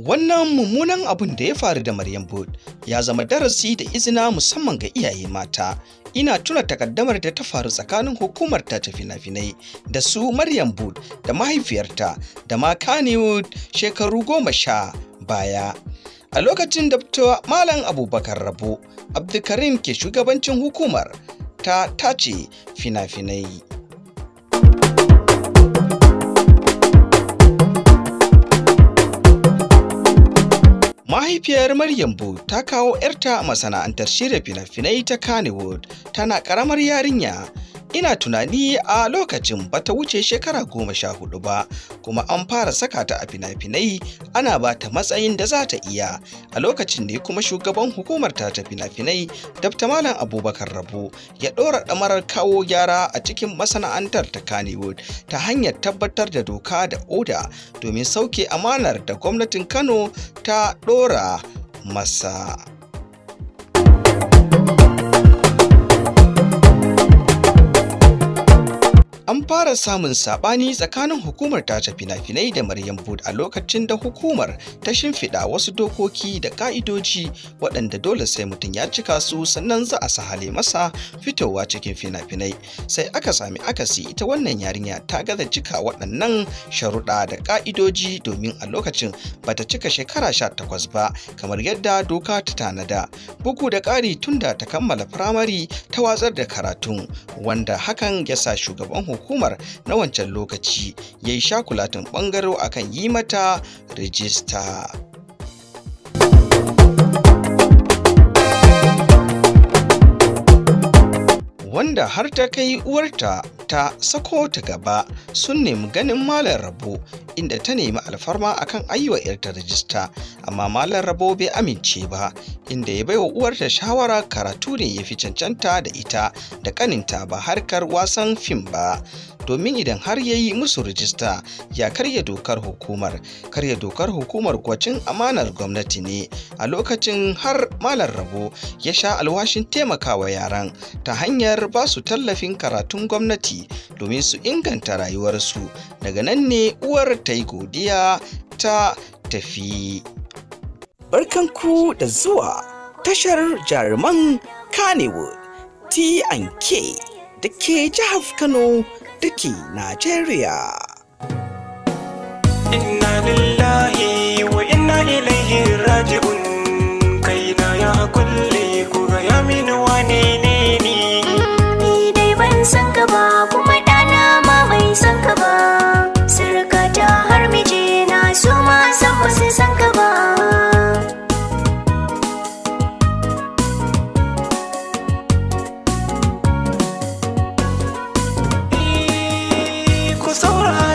Wannan mummunan abin da ya faru da Maryam Bud ya zama darasi da izina musamman ga iyaye mata. Ina tuna takaddamar da ta faru tsakanin hukumar ta ta fina-finai da su Maryam Bud da mahaifiyarta da ma Kannywood shekaru goma sha baya. A lokacin da Malam Abubakar Rabo, Abdulkarim ke shugabancin hukumar ta tace fina-finai. Mahaifiyar Maryam Bu ta kawo ‘yarta masana'antar shirya fina-finai ta Kannywood tana ƙaramar yarinya ina tunani a lokacin bata wuce shekara goma sha hudu ba kuma an fara saka ta a fina-finai ana ba ta matsayin da za ta iya a lokacin ne kuma shugaban hukumar ta ta fina-finai malam abubakar rabu ya ɗora ɗamarar kawo gyara a cikin masana'antar ta kannywood ta hanyar tabbatar da doka da oda domin sauke amanar da gwamnatin kano ta ɗora masa an fara samun sabani tsakanin hukumar tace fina-finai da Maryam Bud a lokacin da hukumar ta shimfiɗa wasu dokoki da ƙa'idoji waɗanda dole sai mutum ya cika su sannan za a sahale masa fitowa cikin fina-finai. Sai aka sami akasi ita wannan yarinya ta gaza cika waɗannan sharuɗa da ƙa'idoji domin a lokacin ba ta cika shekara sha takwas ba kamar yadda doka ta tanada. Bugu da ƙari tunda ta kammala firamare ta watsar da karatun wanda hakan ya sa shugaban hukumar hukumar na wancan lokaci ya yi shakulatin bangaro akan yi mata rijista. wanda har ta kai uwarta ta sako ta gaba sun nemi ganin malar rabo inda ta nemi alfarma akan ayyuwa yarta rajista amma malar rabo bai amince ba inda ya baiwa uwarta shawara karatu ne ya fi cancanta da ita da kaninta ba harkar wasan fim ba domin idan har ya yi musu rijista ya karya dokar hukumar karya dokar hukumar kwacin amanar gwamnati ne a lokacin har malar rabo ya sha alwashin taimakawa yaran ta hanyar ba su tallafin karatun gwamnati domin su inganta rayuwarsu daga nan ne uwar ta yi godiya ta tafi barkanku da zuwa tashar jaruman kanewood t&k da ke jihar kano Diki, Nigeria. ku saurara